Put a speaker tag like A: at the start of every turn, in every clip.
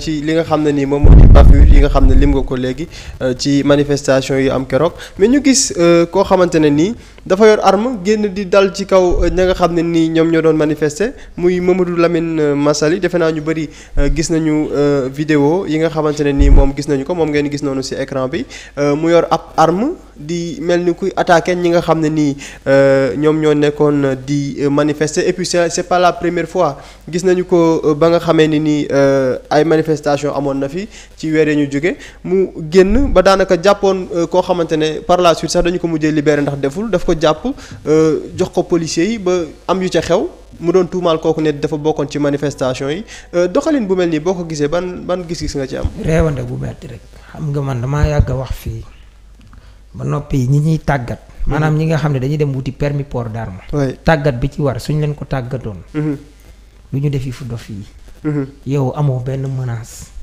A: ci li nga xam ne nii moom moo di bavure yi nga xam ne lim nga ko léegi euh, ci manifestation yu am keroog mais ñu gis euh, koo xamante ne nii dafa yor arme génn di dal ci kaw euh, ña nga xam ne nii ñoom ñoo doon manifester muy Mamadou Lamine euh, Massaly defe naa ñu bëri euh, gis nañu vidéo yi nga xamante ne nii moom gis nañu ko moom ngeen gis noonu ci écran bi mu yor ab arme di mel ni kuy attaquer ñi nga xam ne nii ñoom ñoo nekkoon di manifester et puis c'est c'est la première fois gis nañu ko ba nga xamee ni nii ay manifestation amoon na fi ci weer ñu jóge mu génn ba daanaka jàppoon koo xamante ne par la suite sax dañu ko mujjee libérer ndax deful daf ko jàpp euh, jox ko policiers yi ba am yu ca xew mu doon tuumaal kooku ne dafa bokkoon ci manifestation yi euh, doxalin bu mel nii boo ko gisee ban ban gis-gis nga ci am.
B: réewande bu metti rek xam nga man damaa yàgg a wax fii ba noppi ñi ñuy tàggat. maanaam mhm. ñi nga xam ne dañuy dem wuti permis port ma tàggat bi ci war suñ leen ko tàggatoon. Mhm. lu def yi fu dof yi. Mhm. yow amoo benn menace.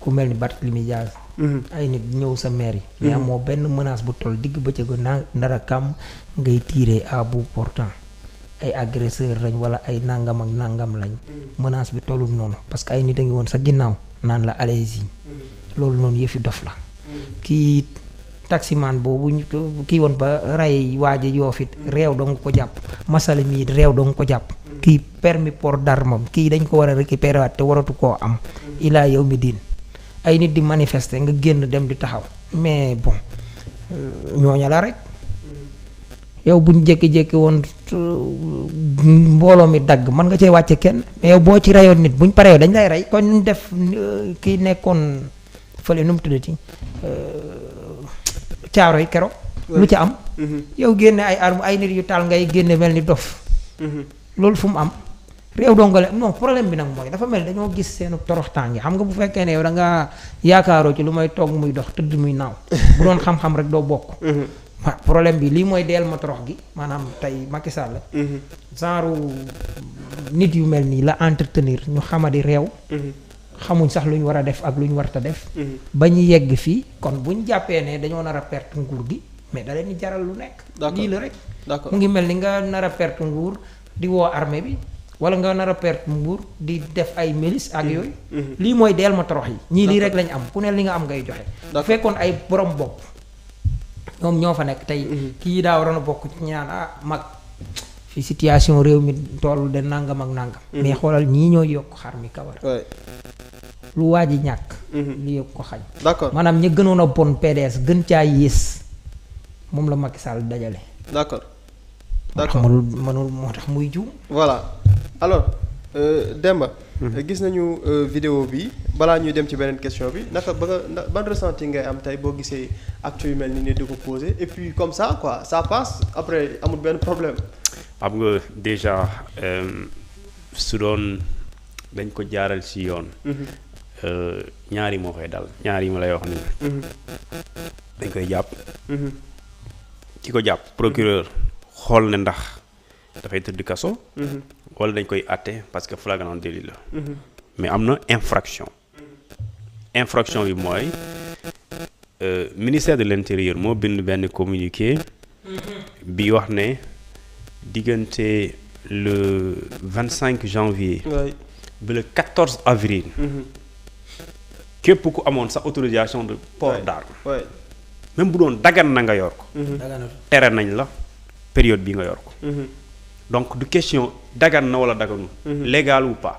B: ku mel ni Barthélemy Diaz mhm. ay nit ñëw sa maire yi mais mhm. amoo benn menace bu toll digg bëccëgu na nar a kàmm ngay tiire à bout portant ay agresseur lañ wala ay nangam ak nangam lañ mhm. menace bi tollul noonu parce que ay nit a ngi woon sa ginnaaw naan la allez-y loolu noonu yëfi dof la kii taximaan boobu kii woon ba ray waaja yoofit réew danga ko jàpp masala mii réew danga ko jàpp kii permis port d'arme kii dañ ko war a récupérer waat te waratu koo am ilaa yow mi diin ay nit di manifester nga génn dem di taxaw mais bon ñooña la rek yow buñ jékki-jékki woon mbooloo mi dagg mën nga cee wàcce kenn mais boo ci reyoon nit buñ paree dañ lay rey kon ñu def euh, kii nekkoon fële nu mu tuddati euh, caaro yi keroog. lu ca am. Mm-hmm. yow génne ay arme ay nit yu taal ngay génne mel ni dof. Mm-hmm. loolu fu mu am. réew dongale non problème bi nag mooy dafa mel dañoo gis seenu toroxtaan yi xam nga bu fekkee ne yow da yaakaaroo ci lu may toog muy dox tëdd muy naaw bu doon xam-xam rek doo bokk mhm. waaw problème bi lii mooy deel ma torox gi maanaam tey Macky Sall mhm. genre nit yu mel nii la entretenir ñu xamadi réew mhm. sax lu ñu war a def ak lu ñu warta def ba ñu yegg fii kon bu jàppee ne dañoo nar a perte nguur gi mais da leen jaral lu nekk lii la rek mu ngi mel ni nga nar perte nguur di woo armée bi wala nga nar a perte mbuur di def ay milice ak mm-hmm. yooyu. Mm-hmm. lii mooy deel ma torox yi. ñii lii rek lañ am ku ne li nga am ngay joxe. bu fekkoon ay borom bopp ñoom ñoo fa nekk tey. Mm-hmm. kii daa waroon a bokk ci ñaan ah mag. fi situation réew mi toll de nangam ak nangam. mais xoolal ñii ñooy yokk xar mi kawar. lu waa ji ñàkk. li yokk ko xañ. d'accord gënoon a bon PDS gën caa yées moom la Macky Sall dajale. moo tax muy jiw.
A: alors euh, Demba. Mhm. Euh, gis nañu euh, vidéo bi balaa ñuy dem ci beneen question bi naka ba nga ban ressenti ngay am tey boo gisee actes yu mel ni ne di ko posé et puis comme ça quoi ça passe après amul benn problème.
C: am nga déjà euh, su doon dañ ko jaaral ci yoon. Mhm. ñaari moo koy dal ñaar yi ma lay wax nii. Mhm. dañ koy jàpp. ki ko jàpp procureur xool ne ndax. dafay tëdd kaso. Mm-hmm. wala dañ koy atte parce que flagrant délit la. Mm-hmm. mais am na infraction. infraction bi mooy euh, ministère de l' intérieur moo bind benn communiqué. Mm-hmm. bi wax ne diggante le cinq janvier. ba le quatorze avril. képp ku amoon sa autorisation de port d' arme. même bu doon dagan na nga yor ko. tere nañ la période bi nga yor ko. donc du question dagan na wala daganul mhm. légal ou pas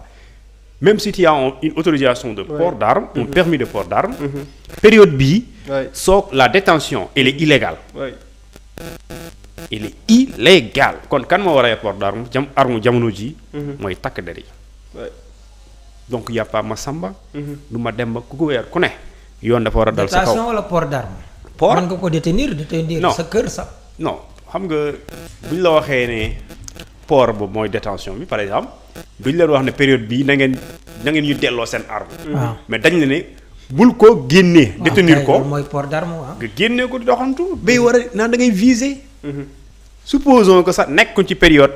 C: même si tu as une autorisation de port d'arme un mhm. permis de port d'arme mhm. période bii soo la détention elle est illégale il est illégal kon kan moo war a yor port d'arme jam arme jamono ji mooy takk der yi donc y ma samba du ma dem ba ku ko weer ku ne yoon dafa war a dal sa kaw
B: wala port d'arme port mën nga ko détenir détenir sa kër sax
C: non xam nga buñ la waxee ne port boobu mooy détention bi par exemple duñ leen wax ne période bi na ngeen na ñu delloo seen arme mm-hmm. mais dañ ne ne bul ko génnee ah, détenir ko mooy port d'arme nga génnee ko di doxantu bay war a naan da ngay viser mm-hmm. supposons que sax nekkuñ ci période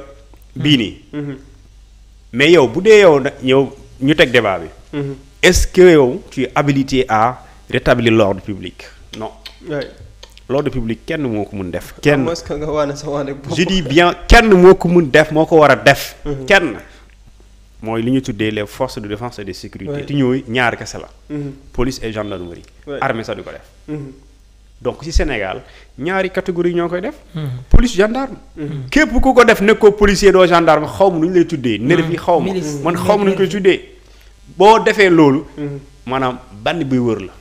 C: bii nii mm-hmm. mais yow bu dee yow ñëw ñu teg débat bi est-ce que yow tu es habilité à rétablir l'ordre public non l'ordre public kenn moo ko mun def. kenn je dis bien kenn moo ko mun def moo ko war a def. Mhm. kenn mooy li ñu tuddee les force de défence et de sécurité. te ñooy ñaar kese la. Mhm. police et gendarmerie. armée sax du ko def. Mhm. donc ci Sénégal ñaari catégorie ñoo koy def. police gendarme. képp ku ko def nekkoo policier doo gendarme xaw ma nu ñu lay tuddee. nerf yi xaw ma man xaw ma nu ñu koy tuddee. boo defee loolu. maanaam bandi buy wër la.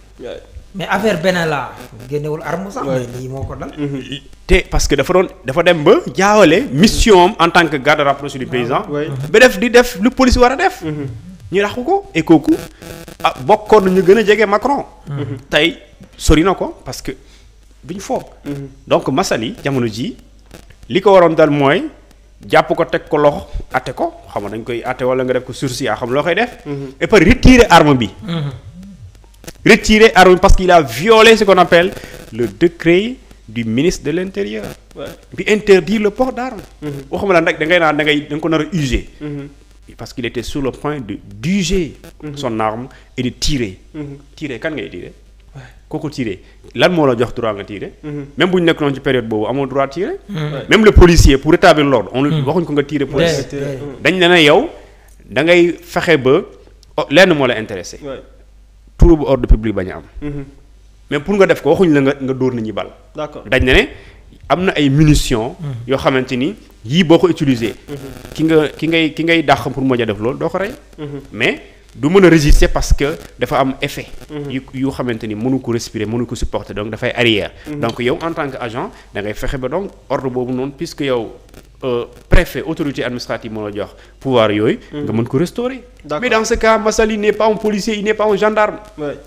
B: mais affaire benn la génnewul arme sax. mais lii ko dal. Mhm.
C: te parce que dafa doon dafa dem ba jaawale mission am en tant que garde rapproché du paysan. Ah, ba def di def lu police war a def. Mhm. ñu raxu ko et kooku ah bokkoon na ñu gën a jege Macron. Mhm. tey sori na ko parce que duñ foog. donc Massaly jamono ji li ko waroon dal mooy jàpp ko teg ko loxo atte ko xam nga dañ koy atte wala nga def ko sursis yaa xam loo koy def. et par retirer arme bi. retirer armes parce qu'il a violé ce qu'on appelle le décret du ministre de l'intérieur bi interdire le port d'armes mhm. waxuma la nag da ngay naan da ngay da nga ko nar a user mhm. parce qu'il était sur le point de d'user mhm. son arme et de tirer tirer kan ngay tirer kooku tirer lan moo la jox droit nga tirer même bu ñu nekk noonu ci période boobu amoon droit tirer même le policier pour rétablir l'ordre on waxuñ ko nga tirer police dañ ne na yow da ngay fexe ba oh, lenn moo la intéressé pour bu ordre public bañ a am. Mhm. mais pour nga def ko waxuñ la nga dóor nit bal.
A: d'accord dañ ne
C: am na ay munitions. Mhm. yoo xamante ni yii boo ko utilisé. Mhm. ki nga ki ngay ki ngay dàq pour moo ja def loolu doo ko rey. mais du mën a résister parce que dafa am effet. yu yu xamante ni mënu ko respirer mënu ko supporter donc dafay arrière. donc yow en tant que agent da ngay fexe ba donc ordre boobu noonu puisque yow. Euh, préfet autorité administrative moo la jox pouvoir yooyu. nga mm. mën ko restaurer. mais dans ce cas Massaly n'est pas un policier il n'est pas un gendarme.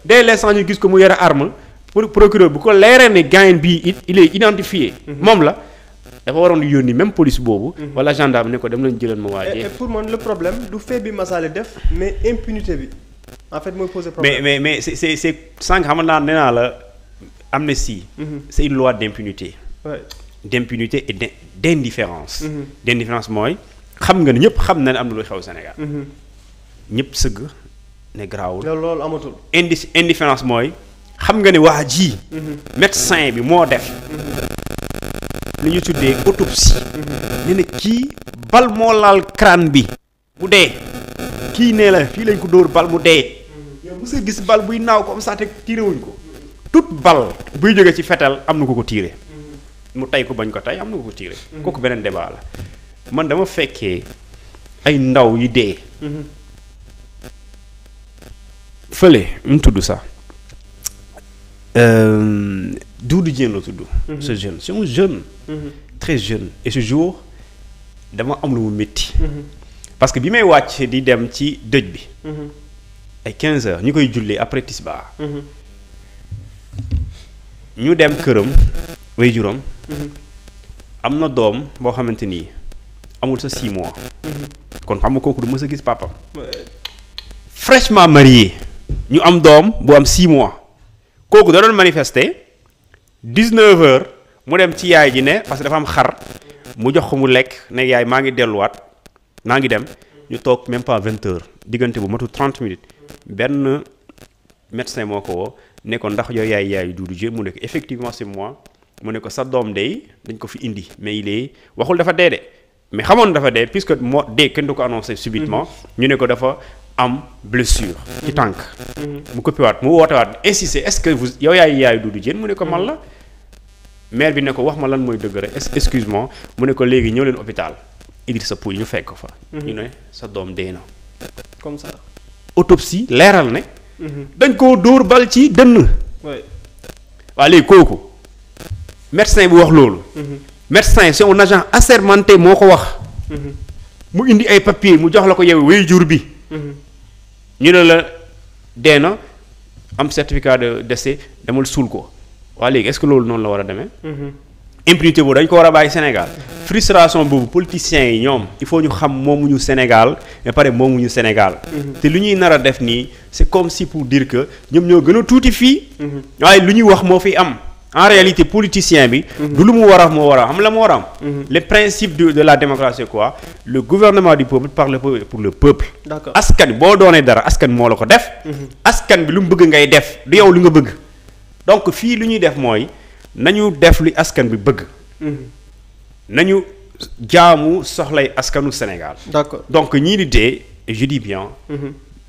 C: dès l'instant ñu gis ko mu yore arme pour procureur bu ko leeree ne gaayen bii it il est mm-hmm. moom la dafa waroon yónni même police boobu. Mm-hmm. wala gendarme ne ko dem nañ jëlal ma waajee. et pour
A: man le problème du fait bi Massaly def mais impunité bi en fait mooy poser problème.
C: mais mais mais c'est c'est c'est sànq naa nee d'impunité et d'indifférence mm-hmm. d'indifférence mooy xam nga ne ñëpp xam na ne am na lu xew Sénégal mm-hmm. ñëpp sëgg ne garaawul
A: loolu amatul
C: indi indifférence mooy xam nga ni waa ji mm-hmm. médecin bi moo def lu ñu tuddee autopsie nee na kii bal moo laal crâne bi bu dee kii nee la fii lañ ko dóor bal mu dee yow mës gis bal buy naaw comme ça te tiirewuñ ko toute bal buy jóge ci fetal am na ko ko tiire mu tey ko bañ ko tey am na ko ko tiire kooku beneen débat la man dama fekkee ay ndaw yu dee fële mu tudd sax euh, Doudou Dieng la tudd mhm. ce jeune c'est un jeune mhm. très jeune et ce jour dama am lu mu métti mhm. parce que bi may wàcc di dem ci dëj bi ay quinze heures ñu koy jullee après tisbaar ñu dem këram way juróom Mm-hmm. am na doom boo xamante ni amul sa 6 mois. Mm-hmm. kon xam kooku du ma a gis papam ma marié ñu am doom bu am 6 mois kooku da doon manifester 19 heures mu dem ci yaay ji ne parce que dafa am xar mu jox ko mu lekk ne yaay maa ngi delluwaat naa ngi dem ñu toog même pas 20 diggante bu matu 30 minutes benn médecin moo ko woo ne ko ndax yaay yaay Doudou Dieng mu nekk effectivement si moi. mu ne ko sa doom day dañ ko fi indi mais il waxul dafa dee de mais xamoon dafa dee puisque moo dee kenn du mhm. ñu ne ko dafa am blessure ci tànk mhm. mu koppiwaat mu wootewaat insisté est-ce que vous yow yaay yaay Doudou Diène mu ne ko man la maire bi ne ko wax ma lan mooy dëgg rek excuse mu ne ko léegi ñëw leen hôpital Idrissa Pouye ñu fekk ko fa mhm. ñu ne sa doom dee na comme ça autopsie leeral ne dañ koo dóor bal ci dënn
A: waaw
C: léegi kooku médecin bi wax loolu. médecin c'est un agent assermenté moo ko wax. mu indi ay papier mu jox la ko yow waajur bi. ñu ne la dee na am certificat de décès demal suul ko waa léegi est-ce que loolu noonu la war a demee. impunité boobu dañ ko war a bàyyi Sénégal frustration boobu politiciens yi ñoom il faut ñu xam moomuñu Sénégal mais pare moomuñu Sénégal. te lu ñuy nar a def nii c'est comme si pour dire que ñoom ñoo gën a tuuti fii. waaye lu ñuy wax moo fi am. en réalité politicien bi. du lu mu war a am moo war a am xam la mu war a am. Mhm. les principes de de la démocratie quoi le gouvernement du peuple par le peuple pour le peuple. askan boo doonee dara askan moo la ko def. Mhm. askan bi lu mu bëgg ngay def du yow li nga bëgg. donc fii lu ñuy def mooy nañu def li askan bi bëgg. Mhm. nañu jaamu soxlay askanu Sénégal. d'accord donc ñii di dee je bien.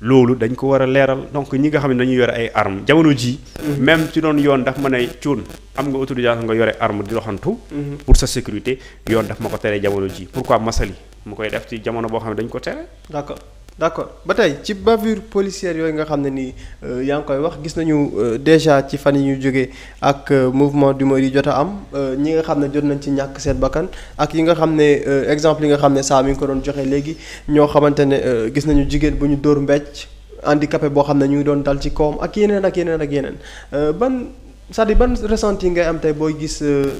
C: loolu dañ ko war a leeral donc ñi nga xam ne dañuy yore ay arme jamono jii mhm. même ci doon yoon daf ma ne cuun am nga autorisation nga yore arme di doxantu mhm. pour sa sécurité yoon daf ma ko teree jamono ji pourquoi masali mu koy def ci jamono boo xam ne dañ ko tere
A: d' accord ba tey ci bavure policière yooyu nga xam ne nii euh, yaa ngi koy wax gis nañu euh, déjà ci fan yi ñu jóge ak euh, mouvement d'humeur yi jot a am ñi nga xam ne jot nañ ci ñàkk seen bakkan ak yi nga xam ne exemple yi nga xam ne saa mi ngi ko doon joxe léegi ñoo xamante ne gis nañu jigéen bu ñu dóor indi kape boo xam ne ñu ngi doon dal ci kawam ak yeneen ak yeneen ak yeneen ban cest à ban ressenti yi ngay am tey booy gis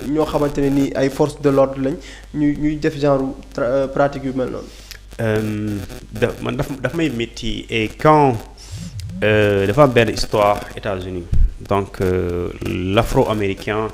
A: ñoo xamante ne nii ay force de l'ordre lañ ñu ñuy def genre pratique yu mel
C: Euh, da man daf daf may métti et quand euh, dafa am benn histoire États-Unis donc euh, l'afro-américain